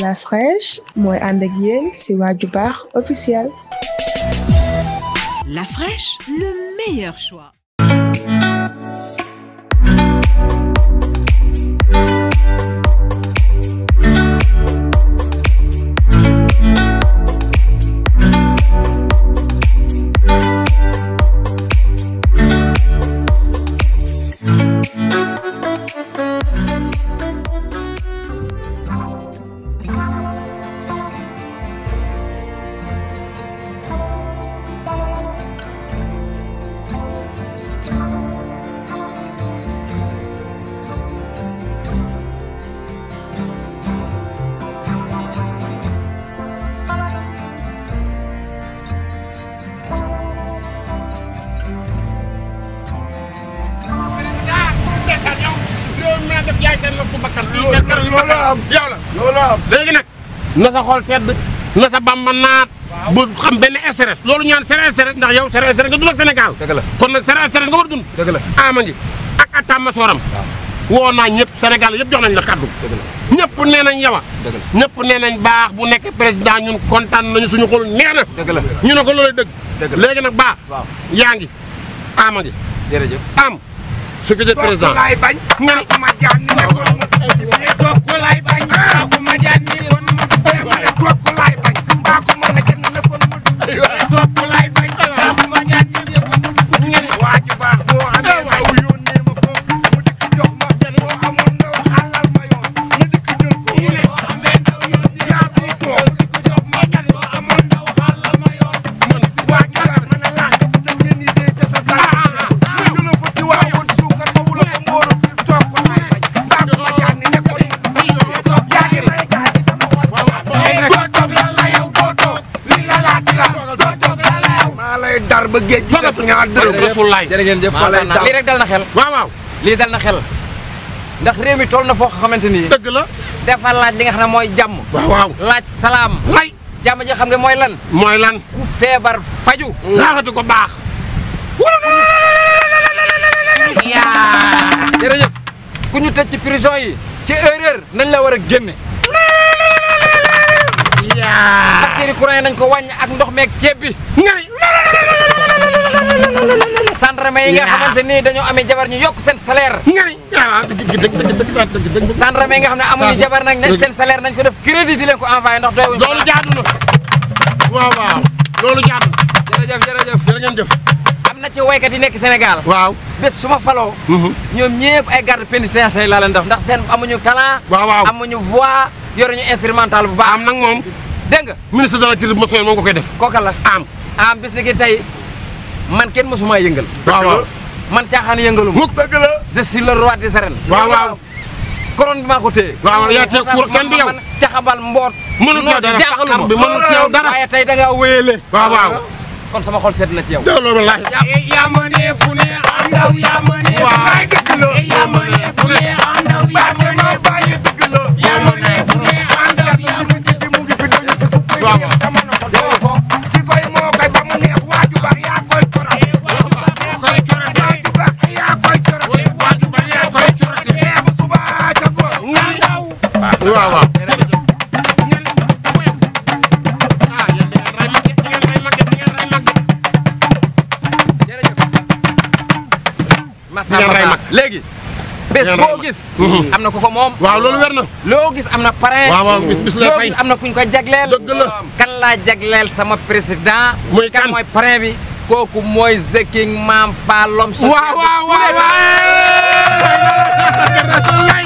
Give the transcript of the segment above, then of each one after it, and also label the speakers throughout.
Speaker 1: La Fraîche moi ànd c'est yéen ci Bar officiel. La Fraîche, le meilleur choix. ngaa def jaay nag na sa xool sedd na sa bamba naat bu xam benn stress loolu ñaan sere stress ndax yow sere stress nga dund ak Sénégal kon nag sere stress nga war dund ama ngi a attama sooram woo naa ñëpp Sénégal yëpp jox nañ la kàddu ñëpp nee nañ yow a ñëpp nee nañ baax bu nekk président ñun kontaan nañu suñu xol neex na ñu ne ko loolu dëgg léegi nag baax yaa ngi ama am suffit de président géej gi des ñaar dërëm rasulaay jërë ngeen jëf lii rek dal na xel waaw waaw lii dal na xel ndax réew mi toll na foo xamante ni dëgg la dafa laaj li nga xam ne mooy jàmm waaw laaj salaam lay jàmm ji xam nga mooy lan mooy lan ku feebar faju laaxatu ko baax yaa jërëjëf ku ñu tëj ci prison yi ci erreur nañ la war a génne yaa facteurs yi courant yi nañ ko wàññi ak ndox meeg ceeb bi gendarme yi nga xamante ni dañoo amee jabar ñu yokk seen salaire. nga ni ah dëgg gendarme yi nga xam ne amuñu jabar nag nañ seen salaire nañ ko def crédit di leen ko envoyé ndax doy wuñu. loolu jaadu na waaw waaw loolu jaadu na. jërëjëf jërëjëf jërë ngeen jëf. am na ci waykat yi nekk Sénégal. waaw bés su ma faloo. Mhm. ñoom ñëpp ay garde pénitentiaire laa leen def ndax seen amuñu talent. waaw waaw amuñu voix yoruñu instrumental bu baax. am nag moom dégg nga. ministre de la culture moom ko koy def. kooka la am am bis ni ki tey man kenn mosumaa yëngal. waaw man caaxaan yëngalu ma. mukk dëgg la je suis le roi des arènes. waaw waaw couronne bi maa ko téye. waaw yaa tee kuur kenn du yow caxabal mboot. mënul ci yow dara bi mënul ci yow dara waaye tey da ngaa wéyale. waaw waaw kon sama xol seet na ci yow. loolu wallaahi. Eh, yaa ma ne fu ne waaw waaw. léegi bés boo gis mhm. am na ko ko moom waaw loolu wér na loo gis am na parrain waaw bis la fay loo gis am na kuñ ko jagleel dëgg la kan laa jagleel sama président muy kan mooy parrain bi kooku mooy Zeking Maam Fall l'homme social waaw waaw waaw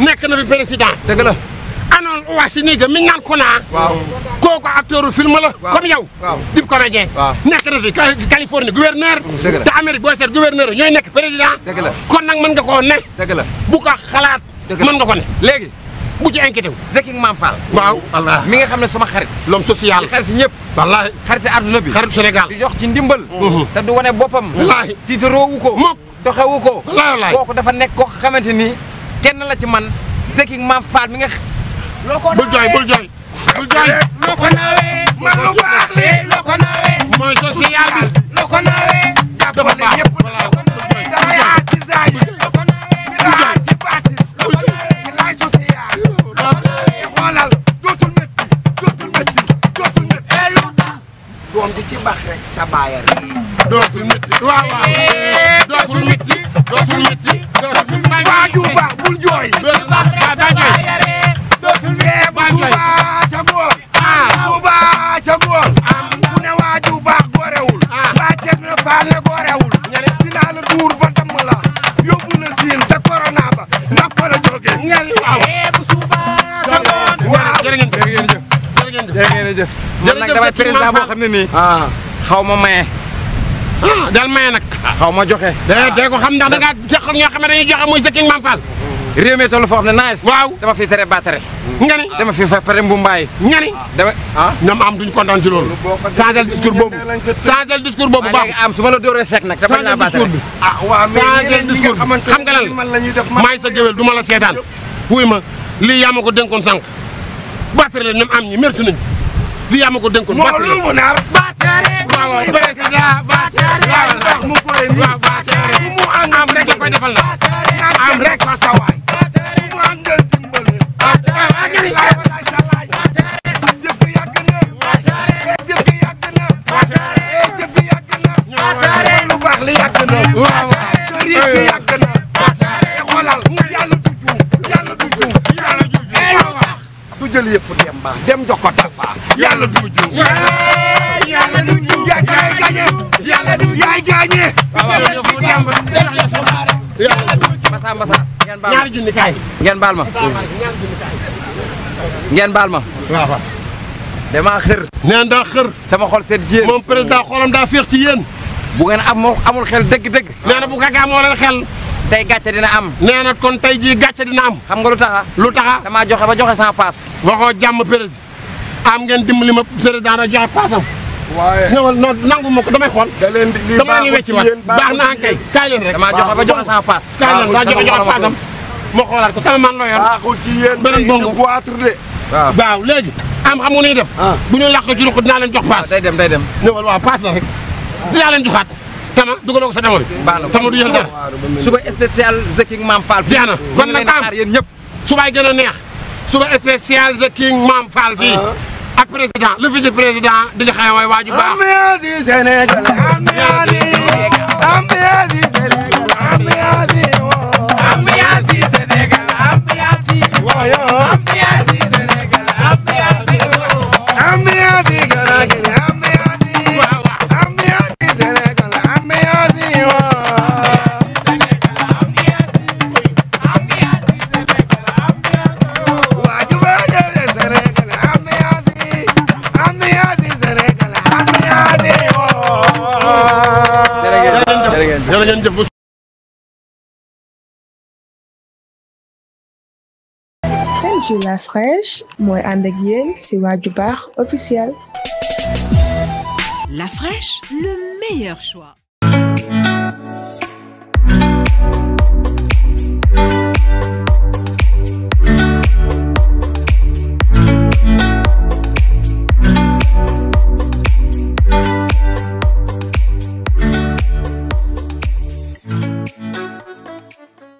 Speaker 1: nekk na fi président. dëgg la anoon Uwaasi Niiga mi ko naa. waaw kooku acteur film la. comme yow. dib comédien. nekk na fi Californie gouverneur. te Amérique boo seet gouverneur ñooy nekk président. kon nag mën nga koo ne. bu ko xalaat. mën nga ko ne léegi. bu ci inquiété wu Maam Fall waaw wallaahi mi nga xam ne sama xarit l'homme social xarit ñëpp wallaahi xarit àdduna bi xarit Sénégal di jox ci ndimbal te du wane boppam wallaahi tiitaroowu ko mokk doxewu ko wallaahi kooku dafa nekk koo xamante ni kenn la ci man Zeki maam Faat mi nga. loo ko bul jooy bul jooy. bul jooy loo ko naawee. man lu baax li loo ko naawee. mooy social bi loo ko naawee. dafa baax voilà bul jooy dara yaa ci saa yi. loo ko naawee dara yaa ci baati. loo ko naawee dara yaa social. loo ko naawee eh, xoolal dootul métti dootul métti dootul métti. Eh, doom bi ci jënd jërë ngeen jëf man nag damay président boo xam ne nii ah. xaw ma maye ah, dal maye nag ah, xaw ma joxe eh, dee ko xam ndax da ngaa seq ak ñoo xam ne dañuy joxe muy sëkkin Mame Fall réew mi toll foo xam ne naes waaw dama fi tere baatare nga ni dama fi fa pare mbumbaay nga ni dama ah ñoom am duñ kontaan ci loolu changel discours boobu changel discours boobu baax am su ma la dóoree seec nag dama la baatare ah waaw changel discours xam nga lan maay sa géwél du ma la seetaan wuy ma lii yaa ma ko dénkoon sànq baatare la ñoom am ñi mérite nañu li yaa ma ko dénkoon. baatare moo lu mu nar. baatare waaw waaw président baatare waaw ndox mu koy nii waaw baatare bu mu ànd am rek koy defal na am rek fa sawaay bu mu àndal dimbali baatare waaw waaw jël yëfu dem ba dem jox ko Talfa yàlla du juum yàlla du juum yaay gaañe yàlla du yaay gaañe masa masa ngeen baal ma ñaari junni kaay ngeen baal ma ngeen baal ma waaw damaa xër neen daa xër sama xol seet ci yéen moom président xolam daa féex ci yéen bu ngeen am amul xel dëgg-dëgg nee na bu kaka moo leen xel tey gàcce dina am. nee na kon tey jii gàcce dina am. xam nga lu taxa lu taxa damaa joxe ba joxe sans passe. waxoo jàmm président am ngeen dimbali ma président da joxe paasam. waaye ñëwal non nangu ma ko damay xool. da leen lii baaxul ci yéen baax na kay kaay leen rek. damaa joxe ba joxe sans passe. kaay leen daa joxe joxe paasam. ma xoolaat ko sama man la yor. baaxul ci yéen beneen bongo waaw am xam nga nu ñuy def. Ah. bu ñu làq ci dinaa leen jox ah, paas. day dem day dem ñëwal waaw paas la rek dinaa leen joxaat tama dugaloo ko sa dama bi. tama du jël dara. suba spécial The King Mame Fall. jeex na kon nag maam yéen ñëpp. subaay a neex. suba spécial The King Mame Fall ah. ak président le vice président di nga xam waa yi Sénégal ambiance na la fraîche Moi, ànd ak c'est ci bar officiel. La fraîche, le meilleur choix.